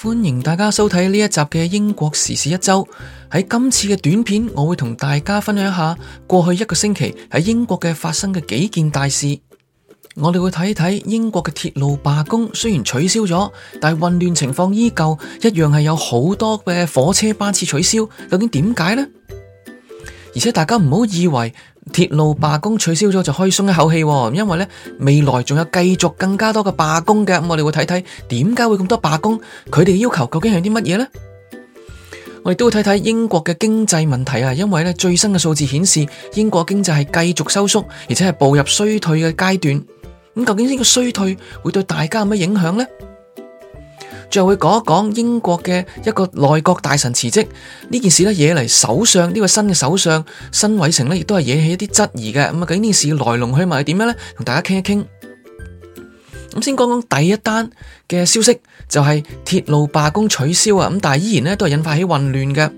歡迎大家收睇呢一集嘅英國時事一週。喺今次嘅短片，我會同大家分享一下過去一個星期喺英國嘅發生嘅幾件大事。我哋會睇睇英國嘅鐵路罷工，雖然取消咗，但係混亂情況依舊，一樣係有好多嘅火車班次取消。究竟點解呢？而且大家唔好以為。鐵路罷工取消咗就可以鬆一口氣，因為呢，未來仲有繼續更加多嘅罷工嘅，咁我哋會睇睇點解會咁多罷工，佢哋嘅要求究竟係啲乜嘢呢？我哋都會睇睇英國嘅經濟問題啊，因為呢，最新嘅數字顯示英國經濟係繼續收縮，而且係步入衰退嘅階段。咁究竟呢個衰退會對大家有咩影響呢？最後會講一講英國嘅一個內閣大臣辭職呢件事咧，惹嚟首相呢個新嘅首相辛偉誠咧，亦都係惹起一啲質疑嘅。咁啊，究竟呢件事嘅來龍去脈係點樣呢？同大家傾一傾。咁先講講第一單嘅消息，就係鐵路罷工取消啊！咁但係依然咧，都係引發起混亂嘅。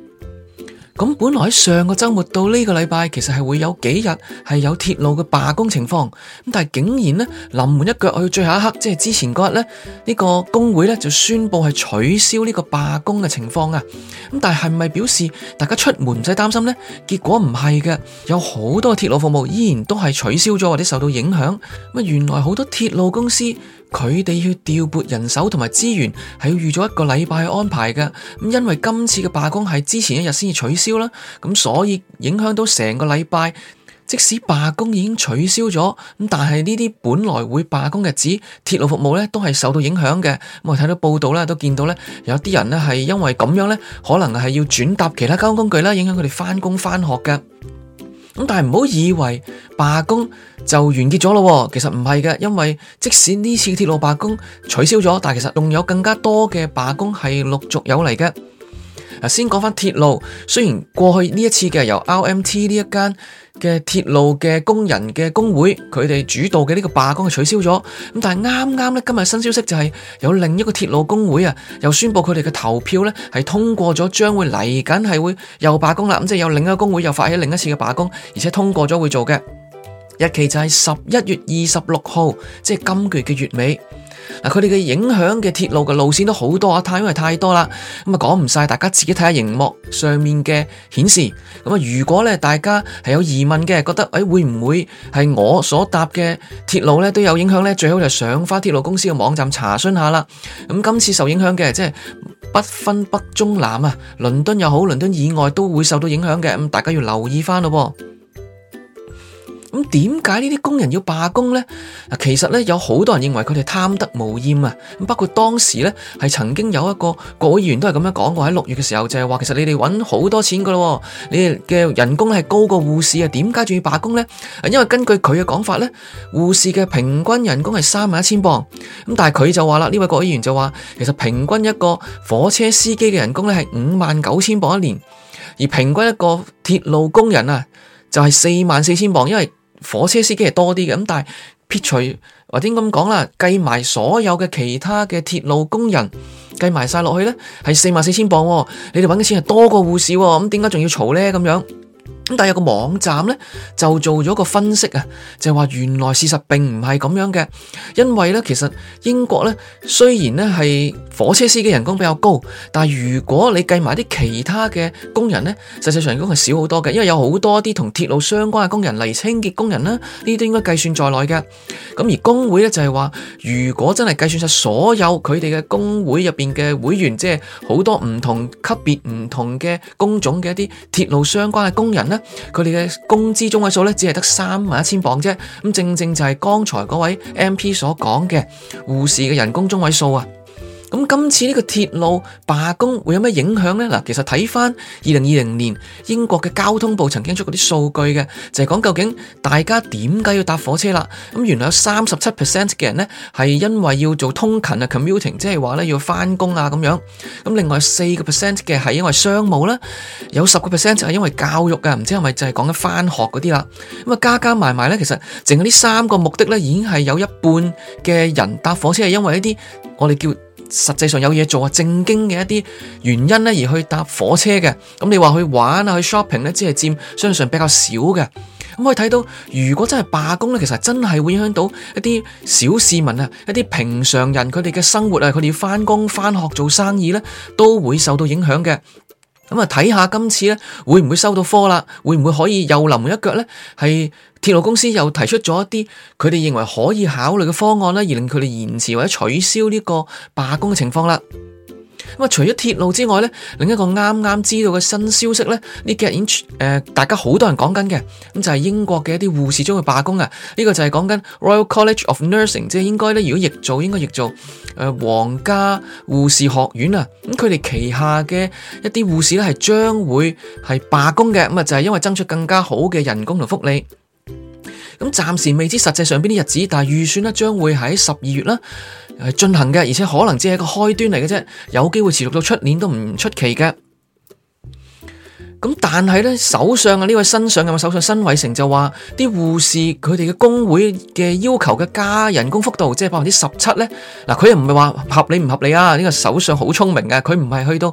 咁本來喺上個周末到呢個禮拜，其實係會有幾日係有鐵路嘅罷工情況，咁但係竟然呢，臨門一腳去最後一刻，即係之前嗰日呢，呢個工會呢，就宣布係取消呢個罷工嘅情況啊！咁但係係咪表示大家出門唔使擔心呢？結果唔係嘅，有好多鐵路服務依然都係取消咗或者受到影響。咁原來好多鐵路公司，佢哋要調撥人手同埋資源，係要預咗一個禮拜去安排㗎。咁因為今次嘅罷工係之前一日先至取消啦，咁所以影響到成個禮拜。即使罷工已經取消咗，咁但係呢啲本來會罷工嘅日子，鐵路服務呢都係受到影響嘅。咁我睇到報道呢都見到呢，有啲人呢係因為咁樣呢，可能係要轉搭其他交通工具啦，影響佢哋翻工翻學㗎。咁但係唔好以為罷工就完結咗咯，其實唔係嘅，因為即使呢次鐵路罷工取消咗，但其實仲有更加多嘅罷工係陸續有嚟嘅。先講翻鐵路，雖然過去呢一次嘅由 RMT 呢一間嘅鐵路嘅工人嘅工會佢哋主導嘅呢個罷工係取消咗，咁但係啱啱咧今日新消息就係、是、有另一個鐵路工會啊，又宣布佢哋嘅投票咧係通過咗，將會嚟緊係會又罷工啦，咁即係有另一個工會又發起另一次嘅罷工，而且通過咗會做嘅日期就係十一月二十六號，即係今個月嘅月尾。嗱，佢哋嘅影響嘅鐵路嘅路線都好多啊，太因為太多啦，咁啊講唔晒，大家自己睇下熒幕上面嘅顯示。咁啊，如果咧大家係有疑問嘅，覺得誒會唔會係我所搭嘅鐵路咧都有影響咧？最好就上返鐵路公司嘅網站查詢下啦。咁今次受影響嘅即係不分北中南啊，倫敦又好，倫敦以外都會受到影響嘅，咁大家要留意翻咯噃。咁點解呢啲工人要罷工呢？其實呢，有好多人認為佢哋貪得無厭啊！咁包括當時呢，係曾經有一個國會議員都係咁樣講過喺六月嘅時候就，就係話其實你哋揾好多錢噶咯，你哋嘅人工係高過護士啊，點解仲要罷工呢？因為根據佢嘅講法呢，護士嘅平均人工係三萬一千磅，咁但係佢就話啦，呢位國會議員就話其實平均一個火車司機嘅人工呢係五萬九千磅一年，而平均一個鐵路工人啊就係四萬四千磅，因為火車司機係多啲嘅，咁但係撇除或者咁講啦，計埋所有嘅其他嘅鐵路工人，計埋晒落去咧，係四萬四千鎊喎。你哋揾嘅錢係多過護士喎，咁點解仲要嘈咧？咁樣。咁但係有個網站咧就做咗個分析啊，就係話原來事實並唔係咁樣嘅，因為咧其實英國咧雖然咧係火車司機人工比較高，但係如果你計埋啲其他嘅工人咧，實際上人工係少好多嘅，因為有好多啲同鐵路相關嘅工人嚟，清潔工人啦，呢啲都應該計算在內嘅。咁而工會咧就係話，如果真係計算晒所有佢哋嘅工會入邊嘅會員，即係好多唔同級別唔同嘅工種嘅一啲鐵路相關嘅工人咧。佢哋嘅工資中位數只係得三萬一千鎊啫。咁正正就係剛才嗰位 MP 所講嘅護士嘅人工中位數啊。咁今次呢個鐵路罷工會有咩影響呢？嗱，其實睇翻二零二零年英國嘅交通部曾經出過啲數據嘅，就係講究竟大家點解要搭火車啦，咁原來有三十七 percent 嘅人呢係因為要做通勤啊 （commuting），即係話呢要翻工啊咁樣。咁另外四個 percent 嘅係因為商務啦，有十個 percent 係因為教育嘅，唔知係咪就係講緊翻學嗰啲啦。咁啊加加埋埋呢，其實淨係呢三個目的呢已經係有一半嘅人搭火車係因為一啲我哋叫。實際上有嘢做啊，正經嘅一啲原因呢而去搭火車嘅，咁你話去玩啊，去 shopping 呢，只係佔相對上比較少嘅。咁可以睇到，如果真係罷工呢，其實真係會影響到一啲小市民啊，一啲平常人佢哋嘅生活啊，佢哋要翻工、翻學、做生意呢，都會受到影響嘅。咁啊，睇下今次咧，會唔會收到科啦？會唔會可以又臨門一腳咧？係鐵路公司又提出咗一啲佢哋認為可以考慮嘅方案啦，而令佢哋延遲或者取消呢個罷工嘅情況啦。咁啊，除咗鐵路之外咧，另一個啱啱知道嘅新消息咧，呢幾日大家好多人講緊嘅，咁就係英國嘅一啲護士將會罷工啊！呢個就係講緊 Royal College of Nursing，即係應該咧，如果譯做應該譯做皇家護士學院啊！咁佢哋旗下嘅一啲護士咧係將會係罷工嘅，咁啊就係因為爭取更加好嘅人工同福利。咁暫時未知實際上邊啲日子，但係預算呢，將會喺十二月啦。係進行嘅，而且可能只係一個開端嚟嘅啫，有機會持續到出年都唔出奇嘅。咁但係咧，首相啊，呢位新上任嘅首相辛偉誠就話啲護士佢哋嘅工會嘅要求嘅加人工幅度，即係百分之十七咧。嗱，佢又唔係話合理唔合理啊？呢個首相好聰明嘅，佢唔係去到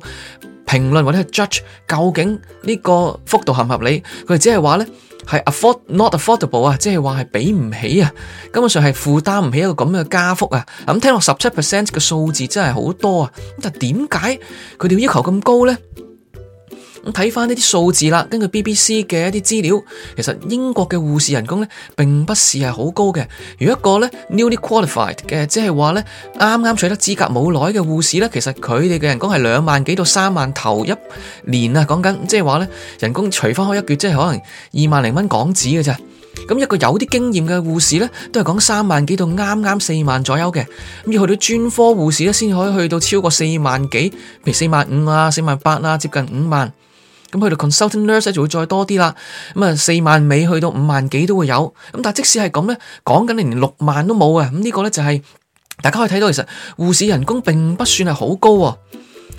評論或者 judge 究竟呢個幅度合唔合理，佢只係話咧。係 afford not affordable 啊，即係話係畀唔起啊，根本上係負擔唔起一個咁樣嘅加幅啊。咁聽落十七 percent 嘅數字真係好多啊，但係點解佢哋要求咁高咧？睇翻呢啲數字啦，根據 BBC 嘅一啲資料，其實英國嘅護士人工呢並不是係好高嘅。如一個呢 newly qualified 嘅，即係話呢啱啱取得資格冇耐嘅護士呢，其實佢哋嘅人工係兩萬幾到三萬頭一年啊。講緊即係話呢人工除翻開一月，即係可能二萬零蚊港紙嘅啫。咁一個有啲經驗嘅護士呢，都係講三萬幾到啱啱四萬左右嘅。咁要去到專科護士呢，先可以去到超過四萬幾，譬如四萬五啊，四萬八啊，接近五萬。咁去到 consultant nurse 就會再多啲啦。咁啊，四萬尾去到五萬幾都會有。咁但即使係咁咧，講緊你連六萬都冇啊。咁、這、呢個咧就係、是、大家可以睇到，其實護士人工並不算係好高喎。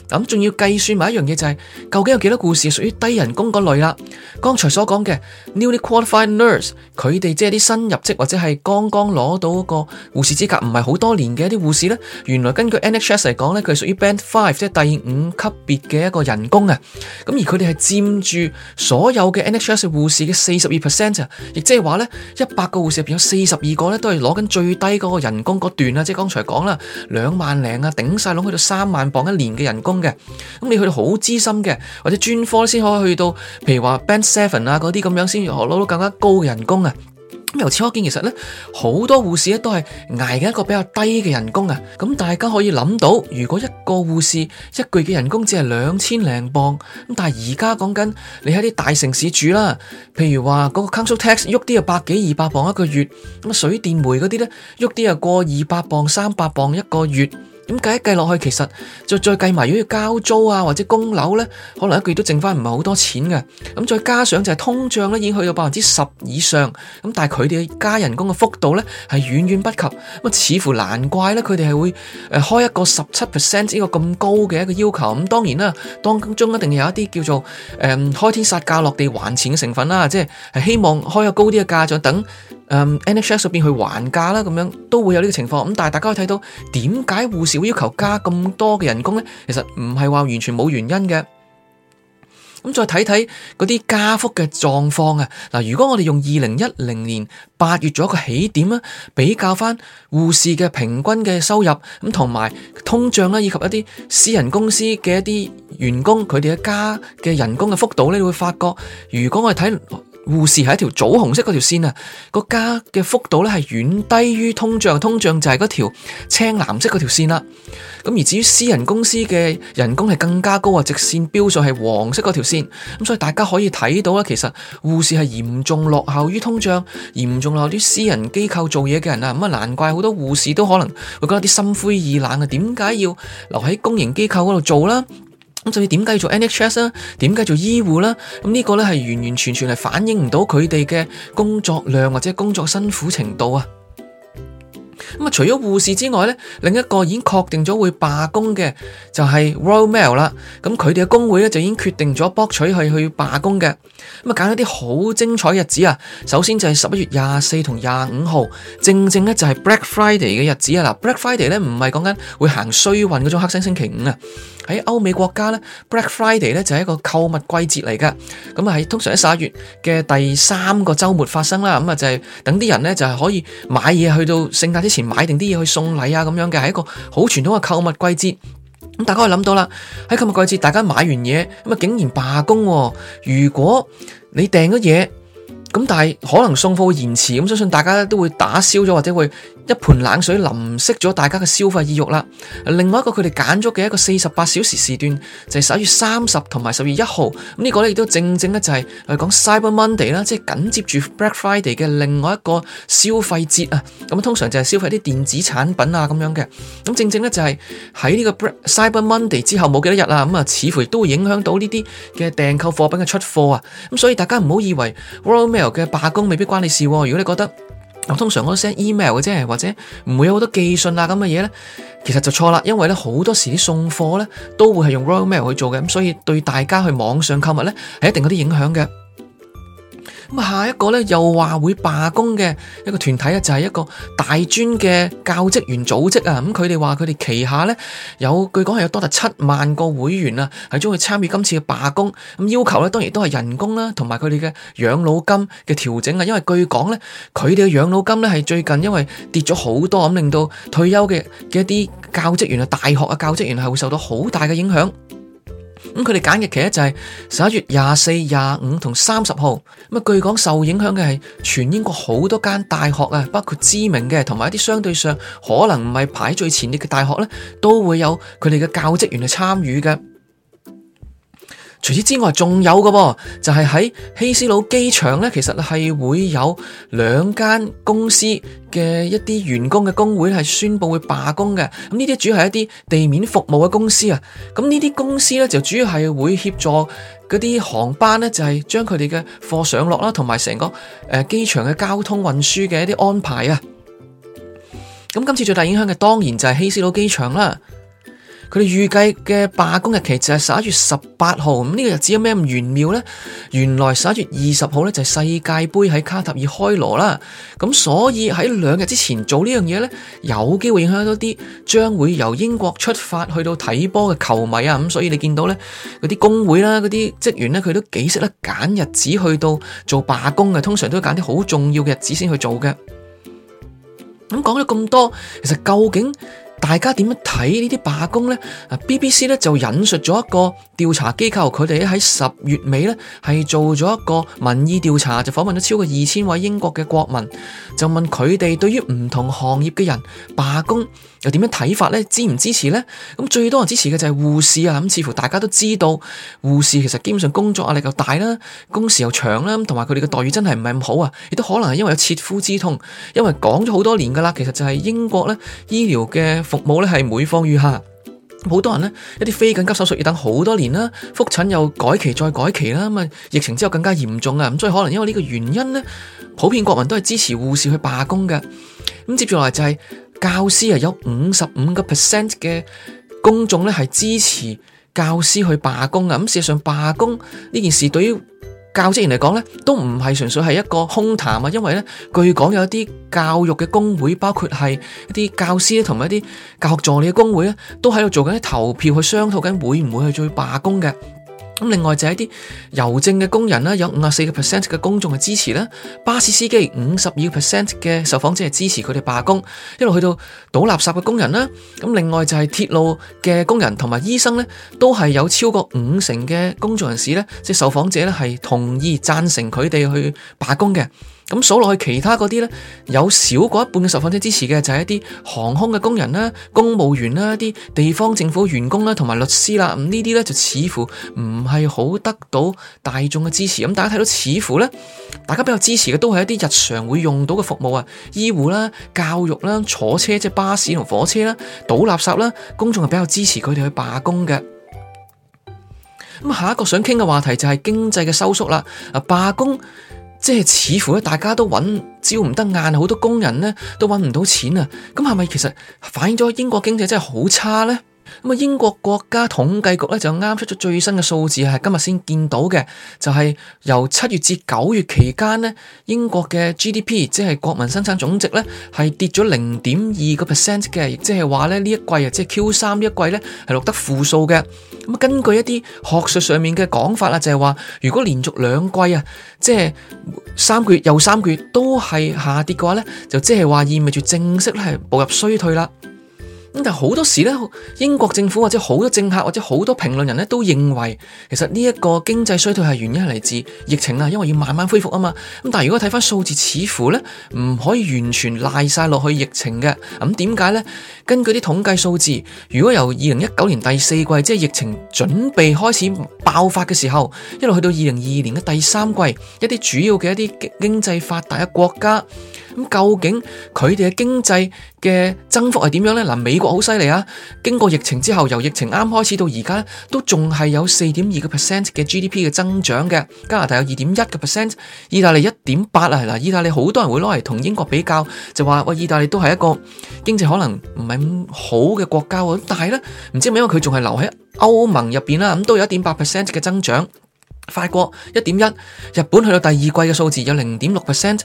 咁仲要計算埋一樣嘢就係究竟有幾多護士屬於低人工嗰類啦？剛才所講嘅 newly qualified nurse，佢哋即係啲新入職或者係剛剛攞到嗰個護士資格唔係好多年嘅一啲護士呢原來根據 NHS 嚟講呢佢係屬於 Band Five，即係第五級別嘅一個人工啊。咁而佢哋係佔住所有嘅 NHS 護士嘅四十二 percent，亦即係話呢一百個護士入邊有四十二個呢都係攞緊最低嗰個人工嗰段啊，即係剛才講啦，兩萬零啊頂晒攏去到三萬磅一年嘅人。工嘅，咁你去到好資深嘅或者專科先可以去到，譬如話 Band Seven 啊，嗰啲咁樣，先至攞到更加高嘅人工啊。咁由此可見，其實呢，好多護士咧都係捱緊一個比較低嘅人工啊。咁大家可以諗到，如果一個護士一個月嘅人工只係兩千零磅，咁但係而家講緊你喺啲大城市住啦，譬如話嗰個 Council Tax 喐啲就百幾二百磅一個月，咁水電煤嗰啲呢，喐啲就過二百磅三百磅一個月。咁計一計落去，其實再再計埋如果要交租啊或者供樓呢，可能一個月都剩返唔係好多錢嘅。咁再加上就係通脹呢已經去到百分之十以上，咁但係佢哋嘅加人工嘅幅度呢係遠遠不及。咁似乎難怪呢，佢哋係會誒開一個十七 percent 呢個咁高嘅一個要求。咁當然啦，當中一定有一啲叫做誒、嗯、開天殺價落地還錢嘅成分啦，即係係希望開個高啲嘅價，就等。嗯，NHS 入面去還價啦，咁樣都會有呢個情況。咁但係大家可以睇到點解護士會要求加咁多嘅人工咧？其實唔係話完全冇原因嘅。咁再睇睇嗰啲加幅嘅狀況啊。嗱，如果我哋用二零一零年八月做一個起點啦，比較翻護士嘅平均嘅收入，咁同埋通脹啦，以及一啲私人公司嘅一啲員工佢哋嘅加嘅人工嘅幅度咧，你會發覺如果我哋睇。護士係一條棗紅色嗰條線啊，個家嘅幅度咧係遠低於通脹，通脹就係嗰條青藍色嗰條線啦。咁而至於私人公司嘅人工係更加高啊，直線標數係黃色嗰條線。咁所以大家可以睇到啦，其實護士係嚴重落後於通脹，嚴重落後啲私人機構做嘢嘅人啊。咁啊，難怪好多護士都可能會覺得啲心灰意冷啊，點解要留喺公營機構嗰度做啦？咁所以點解要做 NHS 啊？點解做醫護啦？咁呢個呢，係完完全全係反映唔到佢哋嘅工作量或者工作辛苦程度啊！咁啊，除咗護士之外呢，另一個已經確定咗會罷工嘅就係 Royal Mail 啦。咁佢哋嘅工會呢，就已經決定咗博取係去罷工嘅。咁啊，揀一啲好精彩日子啊！首先就係十一月廿四同廿五號，正正呢就係 Black Friday 嘅日子啊！嗱，Black Friday 呢，唔係講緊會行衰運嗰種黑星星期五啊！喺歐美國家呢 Black Friday 呢就係一個購物季節嚟㗎。咁啊通常喺十一月嘅第三個週末發生啦，咁就係等啲人呢就係可以買嘢去到聖誕之前買定啲嘢去送禮啊咁樣嘅，係一個好傳統嘅購物季節。咁大家可以諗到啦，喺購物季節大家買完嘢，咁啊竟然罷工喎、哦！如果你訂咗嘢，咁但係可能送貨會延遲，咁相信大家都會打消咗或者會一盆冷水淋熄咗大家嘅消費意欲啦。另外一個佢哋揀咗嘅一個四十八小時時段就係十一月三十同埋十二月一號，咁、這、呢個呢，亦都正正呢就係嚟講 Cyber Monday 啦，即係緊接住 Black Friday 嘅另外一個消費節啊。咁通常就係消費啲電子產品啊咁樣嘅。咁正正呢就係喺呢個 Cyber Monday 之後冇幾多日啦，咁啊似乎亦都會影響到呢啲嘅訂購貨品嘅出貨啊。咁所以大家唔好以為 Roman 嘅罷工未必關你事喎，如果你覺得我通常都 send email 嘅啫，或者唔會有好多寄信啊咁嘅嘢呢，其實就錯啦，因為咧好多時啲送貨呢都會係用 royal mail 去做嘅，咁所以對大家去網上購物呢，係一定有啲影響嘅。咁下一個呢又話會罷工嘅一個團體啊，就係一個大專嘅教職員組織啊。咁佢哋話佢哋旗下呢有，據講係有多達七萬個會員啊，係將會參與今次嘅罷工。咁要求呢當然都係人工啦，同埋佢哋嘅養老金嘅調整啊。因為據講呢佢哋嘅養老金呢係最近因為跌咗好多，咁令到退休嘅嘅一啲教職員啊、大學啊教職員係會受到好大嘅影響。咁佢哋揀嘅日期就係十一月廿四、廿五同三十號。咁啊，據講受影響嘅係全英國好多間大學啊，包括知名嘅，同埋一啲相對上可能唔係排最前列嘅大學呢，都會有佢哋嘅教職員嚟參與嘅。除此之外，仲有嘅噃，就係喺希斯路機場呢。其實係會有兩間公司嘅一啲員工嘅工會係宣佈會罷工嘅。咁呢啲主要係一啲地面服務嘅公司啊。咁呢啲公司呢，就主要係會協助嗰啲航班呢，就係將佢哋嘅貨上落啦，同埋成個誒機場嘅交通運輸嘅一啲安排啊。咁今次最大影響嘅，當然就係希斯路機場啦。佢哋預計嘅罷工日期就係十一月十八號，咁呢個日子有咩咁玄妙呢？原來十一月二十號咧就係世界盃喺卡塔爾開鑼啦，咁所以喺兩日之前做呢樣嘢咧，有機會影響到啲將會由英國出發去到睇波嘅球迷啊，咁所以你見到咧嗰啲工會啦、嗰啲職員咧，佢都幾識得揀日子去到做罷工嘅，通常都揀啲好重要嘅日子先去做嘅。咁講咗咁多，其實究竟，大家點樣睇呢啲罷工呢啊，BBC 咧就引述咗一個調查機構，佢哋喺十月尾呢係做咗一個民意調查，就訪問咗超過二千位英國嘅國民，就問佢哋對於唔同行業嘅人罷工又點樣睇法呢？支唔支持呢？咁最多人支持嘅就係護士啊！咁似乎大家都知道護士其實基本上工作壓力又大啦，工時又長啦，同埋佢哋嘅待遇真係唔係咁好啊！亦都可能係因為有切膚之痛，因為講咗好多年噶啦，其實就係英國呢醫療嘅。服務咧係每況愈下，好多人呢，一啲非緊急手術要等好多年啦，複診又改期再改期啦，咁啊疫情之後更加嚴重啊，咁所以可能因為呢個原因呢，普遍國民都係支持護士去罷工嘅。咁接住落嚟就係、是、教師啊，有五十五個 percent 嘅公眾咧係支持教師去罷工啊，咁事實上罷工呢件事對於教職員嚟講呢都唔係純粹是一個空談啊！因為呢據講有一啲教育的工會，包括是一啲教師咧，同埋一啲教學助理的工會呢都喺度做緊投票，去商討緊會唔會去做罷工的咁另外就係一啲郵政嘅工人啦，有五十四個 percent 嘅公眾係支持啦。巴士司機五十二個 percent 嘅受訪者係支持佢哋罷工，一路去到倒垃圾嘅工人啦。咁另外就係鐵路嘅工人同埋醫生呢，都係有超過五成嘅公眾人士呢，即係受訪者呢，係同意贊成佢哋去罷工嘅。咁數落去其他嗰啲呢，有少過一半嘅受訪者支持嘅就係一啲航空嘅工人啦、公務員啦、一啲地方政府員工啦同埋律師啦，咁呢啲呢，就似乎唔係好得到大眾嘅支持。咁大家睇到似乎呢，大家比較支持嘅都係一啲日常會用到嘅服務啊，醫護啦、教育啦、坐車即係巴士同火車啦、倒垃圾啦，公眾係比較支持佢哋去罷工嘅。咁下一個想傾嘅話題就係經濟嘅收縮啦，啊罷工。即係似乎咧，大家都揾朝唔得晚，好多工人咧都揾唔到錢啊！咁係咪其實反映咗英國經濟真係好差咧？英國國家統計局咧就啱出咗最新嘅數字，係今日先見到嘅，就係由七月至九月期間呢英國嘅 GDP 即係國民生產總值咧，係跌咗零點二個 percent 嘅，即係話咧呢一季啊，即係 Q 三呢一季咧係錄得負數嘅。咁根據一啲學術上面嘅講法啦，就係話如果連續兩季啊，即係三個月又三個月都係下跌嘅話咧，就即係話意味住正式咧係步入衰退啦。咁但好多時咧，英國政府或者好多政客或者好多評論人咧，都認為其實呢一個經濟衰退係原因係嚟自疫情啊，因為要慢慢恢復啊嘛。咁但係如果睇翻數字，似乎咧唔可以完全賴晒落去疫情嘅。咁點解咧？根據啲統計數字，如果由二零一九年第四季，即係疫情準備開始爆發嘅時候，一路去到二零二二年嘅第三季，一啲主要嘅一啲經濟發達嘅國家，咁究竟佢哋嘅經濟嘅增幅係點樣呢？嗱，美國好犀利啊！經過疫情之後，由疫情啱開始到而家，都仲係有四點二個 percent 嘅 GDP 嘅增長嘅。加拿大有二點一嘅 percent，意大利一點八啊！嗱，意大利好多人會攞嚟同英國比較，就話喂，意大利都係一個經濟可能唔係咁好嘅國家啊！但係呢，唔知點解，因為佢仲係留喺歐盟入邊啦，咁都有一點八 percent 嘅增長。法國一點一，日本去到第二季嘅數字有零點六 percent，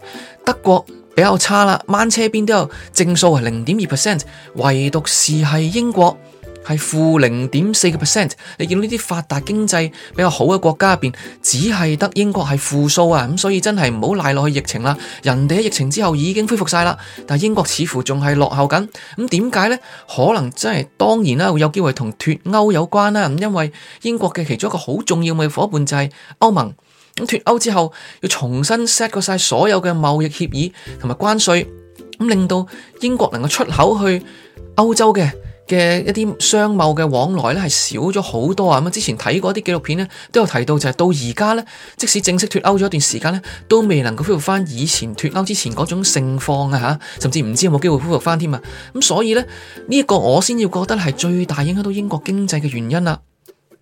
德國。比較差啦，掹車邊都有正數啊，零點二 percent，唯獨是係英國係負零點四個 percent。你見到呢啲發達經濟比較好嘅國家入邊，只係得英國係負數啊，咁所以真係唔好賴落去疫情啦。人哋喺疫情之後已經恢復晒啦，但係英國似乎仲係落後緊。咁點解呢？可能真係當然啦，會有機會同脱歐有關啦。咁因為英國嘅其中一個好重要嘅伙伴就係歐盟。咁脫歐之後，要重新 set 過晒所有嘅貿易協議同埋關稅，咁令到英國能夠出口去歐洲嘅嘅一啲商貿嘅往來咧，係少咗好多啊！咁之前睇過一啲紀錄片咧，都有提到就係到而家咧，即使正式脫歐咗一段時間咧，都未能夠恢復翻以前脫歐之前嗰種盛況啊！嚇，甚至唔知有冇機會恢復翻添啊！咁所以咧，呢一個我先要覺得係最大影響到英國經濟嘅原因啦。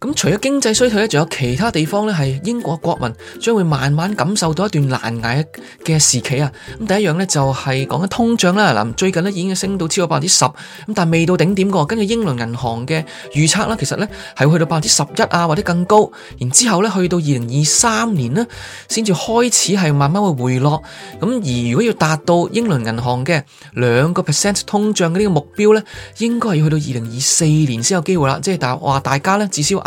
咁除咗經濟衰退咧，仲有其他地方咧，係英國國民將會慢慢感受到一段難挨嘅時期啊！咁第一樣咧就係講緊通脹啦，嗱最近呢已經升到超過百分之十，咁但係未到頂點㗎。根據英倫銀行嘅預測啦，其實咧係會去到百分之十一啊或者更高，然之後咧去到二零二三年呢，先至開始係慢慢會回落。咁而如果要達到英倫銀行嘅兩個 percent 通脹嘅呢個目標咧，應該係要去到二零二四年先有機會啦。即係話大家咧至少，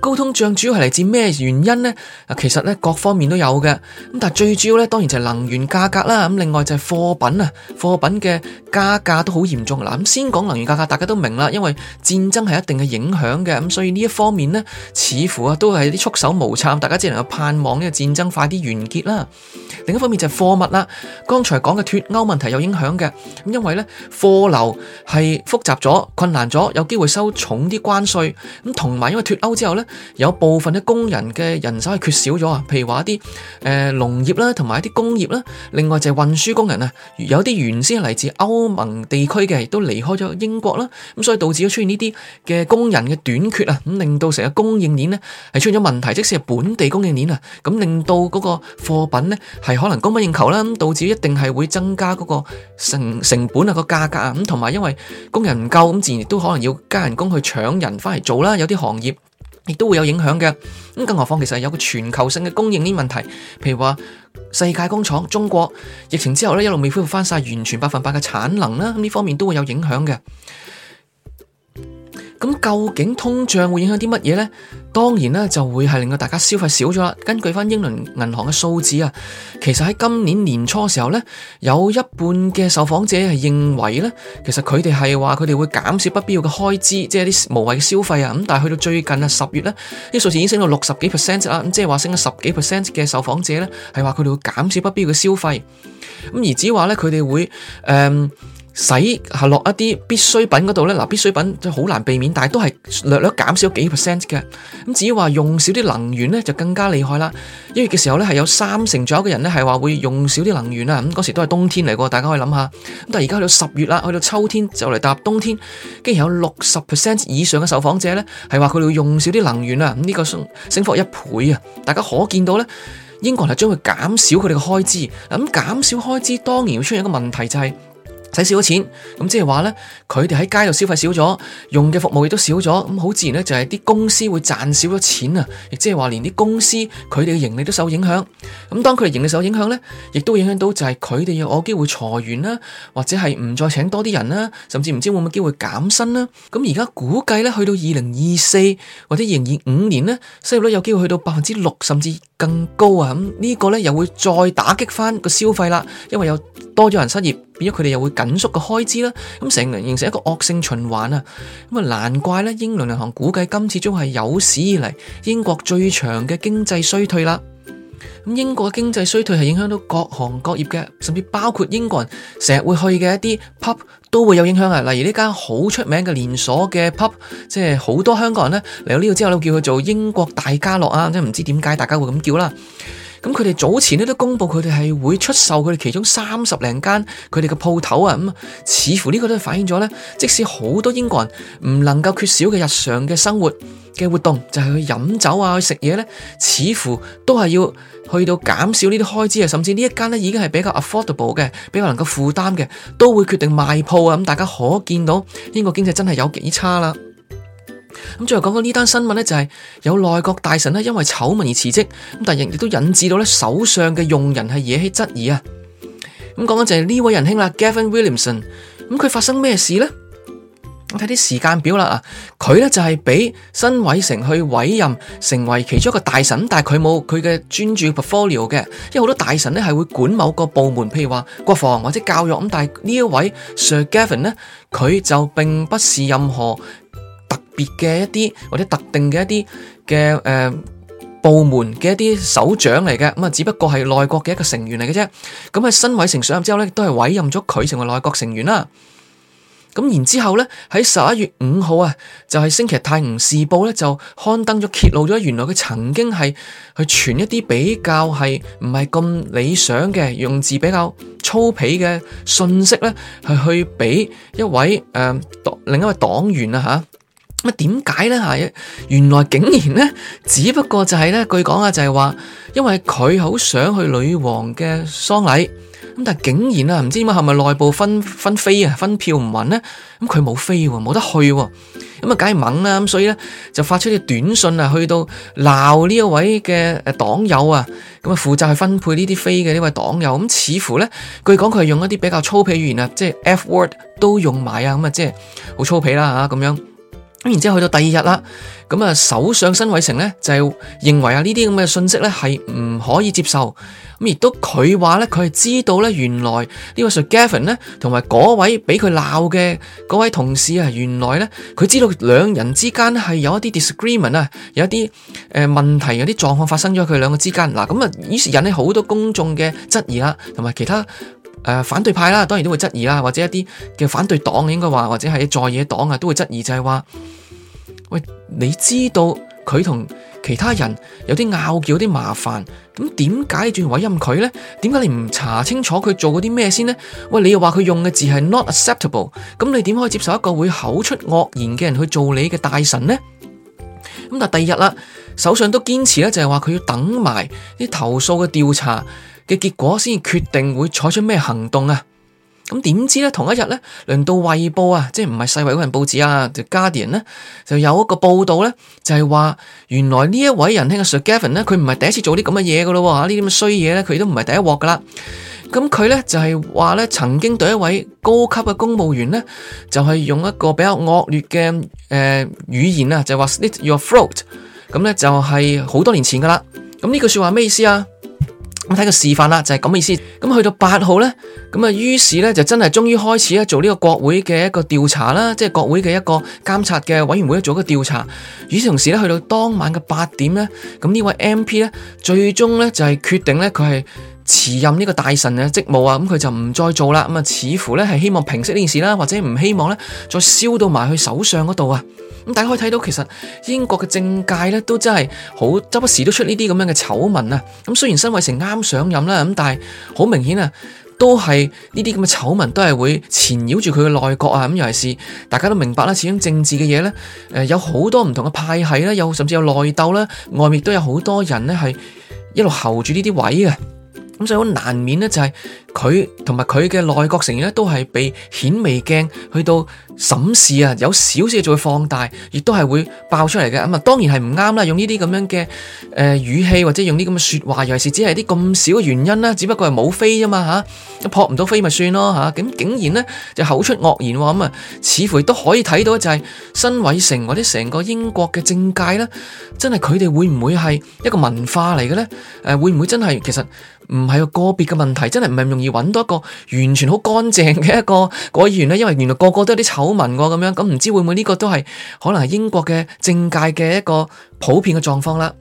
高通脹主要係嚟自咩原因呢？其實呢，各方面都有嘅。但最主要呢，當然就係能源價格啦。另外就係貨品啊，貨品嘅加價都好嚴重啦。咁先講能源價格，大家都明啦，因為戰爭係一定嘅影響嘅。咁所以呢一方面呢，似乎啊都係啲束手無策，大家只能夠盼望呢個戰爭快啲完結啦。另一方面就係貨物啦，剛才講嘅脫歐問題有影響嘅。咁因為呢，貨流係複雜咗、困難咗，有機會收重啲關稅。咁同埋因為脫歐之後呢。有部分嘅工人嘅人手係缺少咗啊，譬如話一啲誒農業啦，同埋一啲工業啦，另外就係運輸工人啊，有啲原先係嚟自歐盟地區嘅，亦都離開咗英國啦，咁所以導致出現呢啲嘅工人嘅短缺啊，咁令到成個供應鏈呢係出現咗問題，即使係本地供應鏈啊，咁令到嗰個貨品呢係可能供不應求啦，咁導致一定係會增加嗰個成成本啊，嗰個價格啊，咁同埋因為工人唔夠，咁自然亦都可能要加人工去搶人翻嚟做啦，有啲行業。亦都會有影響嘅，咁更何況其實有個全球性嘅供應呢啲問題，譬如話世界工廠中國疫情之後咧，一路未恢復翻晒完全百分百嘅產能啦，呢方面都會有影響嘅。咁究竟通脹會影響啲乜嘢呢？當然呢就會係令到大家消費少咗啦。根據翻英倫銀行嘅數字啊，其實喺今年年初時候呢，有一半嘅受訪者係認為呢，其實佢哋係話佢哋會減少不必要嘅開支，即係啲無謂嘅消費啊。咁但係去到最近啊，十月呢，啲數字已經升到六十幾 percent 啊。咁即係話升咗十幾 percent 嘅受訪者呢，係話佢哋會減少不必要嘅消費。咁而之話呢，佢哋會誒使落一啲必需品嗰度咧，嗱必需品就好難避免，但係都係略略減少幾 percent 嘅。咁至於話用少啲能源咧，就更加厲害啦。一月嘅時候咧，係有三成左右嘅人咧係話會用少啲能源啊。咁嗰時都係冬天嚟嘅，大家可以諗下。咁但係而家去到十月啦，去到秋天就嚟踏冬天，竟然有六十 percent 以上嘅受訪者咧係話佢哋會用少啲能源啊。咁呢個升升幅一倍啊，大家可見到咧，英國人係將會減少佢哋嘅開支。咁減少開支當然會出現一個問題，就係。使少咗錢，咁即係話咧，佢哋喺街度消費少咗，用嘅服務亦都少咗，咁好自然咧就係啲公司會賺少咗錢啊！亦即係話，連啲公司佢哋嘅盈利都受影響。咁當佢哋盈利受影響咧，亦都影響到就係佢哋有有機會裁員啦，或者係唔再請多啲人啦，甚至唔知會唔會有機會減薪啦。咁而家估計咧，去到二零二四或者二零二五年咧，失業率有機會去到百分之六甚至更高啊！咁、這、呢個呢，又會再打擊翻個消費啦，因為又多咗人失業，變咗佢哋又會緊縮個開支啦，咁成形成一個惡性循環啊！咁啊難怪呢，英倫銀行估計今次終係有史以嚟英國最長嘅經濟衰退啦。咁英國經濟衰退係影響到各行各業嘅，甚至包括英國人成日會去嘅一啲 pub 都會有影響啊！例如呢間好出名嘅連鎖嘅 pub，即係好多香港人呢，嚟到呢度之後都叫佢做英國大家樂啊，即係唔知點解大家會咁叫啦。咁佢哋早前咧都公布，佢哋係會出售佢哋其中三十零間佢哋嘅鋪頭啊，咁似乎呢個都反映咗咧，即使好多英國人唔能夠缺少嘅日常嘅生活嘅活動，就係去飲酒啊、去食嘢咧，似乎都係要去到減少呢啲開支啊，甚至呢一間咧已經係比較 affordable 嘅，比較能夠負擔嘅，都會決定賣鋪啊，咁大家可見到英國經濟真係有幾差啦。咁最後講講呢單新聞咧，就係有內閣大臣咧因為醜聞而辭職，咁但係亦都引致到咧首相嘅用人係惹起質疑啊！咁講緊就係呢位仁兄啦，Gavin Williamson，咁佢發生咩事咧？我睇啲時間表啦啊，佢咧就係俾辛偉誠去委任成為其中一個大臣，但係佢冇佢嘅專注 portfolio 嘅，因為好多大臣咧係會管某個部門，譬如話國防或者教育咁，但係呢一位 Sir Gavin 咧，佢就並不是任何。特別嘅一啲或者特定嘅一啲嘅誒部門嘅一啲首長嚟嘅，咁啊，只不過係內閣嘅一個成員嚟嘅啫。咁喺辛偉誠上任之後咧，都係委任咗佢成為內閣成員啦。咁然之後咧，喺十一月五號啊，就係、是、星期日泰晤士報咧就刊登咗揭露咗，原來佢曾經係去傳一啲比較係唔係咁理想嘅用字比較粗鄙嘅信息咧，係去俾一位誒、呃、另一位黨員啊吓。咁點解咧？原來竟然咧，只不過就係咧，據講啊，就係話，因為佢好想去女王嘅喪禮，咁但係竟然啊，唔知點解係咪內部分分飛啊，分票唔勻咧？咁佢冇飛喎，冇得去喎，咁啊，梗係猛啦！咁所以咧，就發出啲短信啊，去到鬧呢一位嘅誒黨友啊，咁啊負責去分配呢啲飛嘅呢位黨友，咁似乎咧，據講佢係用一啲比較粗鄙語言啊，即係 F word 都用埋啊，咁啊，即係好粗鄙啦嚇咁樣。咁然之後去到第二日啦，咁啊，首相辛偉誠咧就認為啊呢啲咁嘅信息咧，係唔可以接受，咁亦都佢話咧佢係知道咧，原來呢位 Sir Gavin 咧同埋嗰位俾佢鬧嘅嗰位同事啊原來咧佢知道兩人之間係有一啲 disagreement 啊有一啲誒問題，有啲狀況發生咗佢兩個之間嗱。咁啊，於是引起好多公衆嘅質疑啦同埋其他。誒、呃，反對派啦，當然都會質疑啦，或者一啲叫反對黨應該話，或者係在野黨啊，都會質疑，就係話，喂，你知道佢同其他人有啲拗撬，有啲麻煩，咁點解仲要委任佢呢？點解你唔查清楚佢做嗰啲咩先呢？喂，你又話佢用嘅字係 not acceptable，咁你點可以接受一個會口出惡言嘅人去做你嘅大臣呢？咁但第二日啦，啊，首相都堅持咧，就係話佢要等埋啲投訴嘅調查。嘅結果先決定會採取咩行動啊？咁點知咧，同一日咧，輪到《衛報》啊，即係唔係《世衛》嗰份報紙啊，呢《The Guardian》咧就有一個報導咧，就係話原來呢一位仁兄嘅 Sir Gavin 咧，佢唔係第一次做啲咁嘅嘢㗎咯喎，呢啲咁嘅衰嘢咧，佢都唔係第一鑊噶啦。咁佢咧就係話咧，曾經對一位高級嘅公務員咧，就係、是、用一個比較惡劣嘅誒、呃、語言啊，就話 slit your throat，咁咧就係好多年前噶啦。咁呢句説話咩意思啊？咁睇個示範啦，就係咁嘅意思。咁去到八號咧，咁啊於是咧就真係終於開始咧做呢個國會嘅一個調查啦，即係國會嘅一個監察嘅委員會咧做一個調查。與此同時咧，去到當晚嘅八點咧，咁呢位 MP 咧最終咧就係決定咧佢係辭任呢個大臣嘅職務啊，咁佢就唔再做啦。咁啊似乎咧係希望平息呢件事啦，或者唔希望咧再燒到埋佢手上嗰度啊。咁大家可以睇到，其實英國嘅政界咧都真係好，周不時都出呢啲咁樣嘅醜聞啊！咁雖然辛偉誠啱上任啦，咁但係好明顯啊，都係呢啲咁嘅醜聞都係會纏繞住佢嘅內閣啊！咁尤其是大家都明白啦，始終政治嘅嘢咧，誒、呃、有好多唔同嘅派系啦，有甚至有內鬥啦，外面都有好多人咧係一路候住呢啲位嘅。咁所以好難免咧就係佢同埋佢嘅內閣成員咧都係被顯微鏡去到審視啊，有少少嘢再放大，亦都係會爆出嚟嘅。咁啊，當然係唔啱啦，用呢啲咁樣嘅誒語氣或者用啲咁嘅說話，尤其是只係啲咁少嘅原因啦，只不過係冇飛啊嘛嚇，一撲唔到飛咪算咯嚇。咁竟然咧就口出惡言喎，咁啊，似乎都可以睇到就係辛偉誠或者成個英國嘅政界咧，真係佢哋會唔會係一個文化嚟嘅咧？會唔會真係其實？唔係個別嘅問題，真係唔係容易揾到一個完全好乾淨嘅一個果園咧，因為原來個個都有啲醜聞咁樣，咁唔知會唔會呢個都係可能係英國嘅政界嘅一個普遍嘅狀況啦。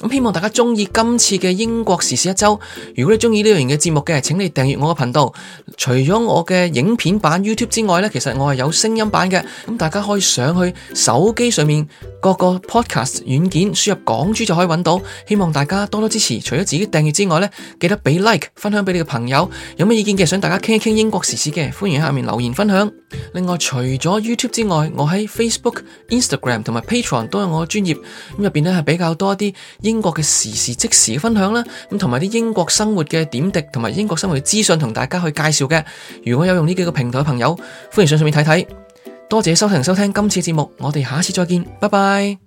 咁希望大家中意今次嘅英國時事一週。如果你中意呢類型嘅節目嘅，請你訂閱我嘅頻道。除咗我嘅影片版 YouTube 之外呢，其實我係有聲音版嘅。咁大家可以上去手機上面各個 Podcast 軟件輸入港豬就可以揾到。希望大家多多支持。除咗自己訂閱之外呢，記得俾 Like 分享俾你嘅朋友。有咩意見嘅，想大家傾一傾英國時事嘅，歡迎喺下面留言分享。另外，除咗 YouTube 之外，我喺 Facebook、Instagram 同埋 Patreon 都有我嘅專業。咁入邊呢係比較多啲英英國嘅時事即時分享啦，咁同埋啲英國生活嘅點滴，同埋英國生活嘅資訊，同大家去介紹嘅。如果有用呢幾個平台嘅朋友，歡迎上上面睇睇。多謝收聽收聽今次節目，我哋下次再見，拜拜。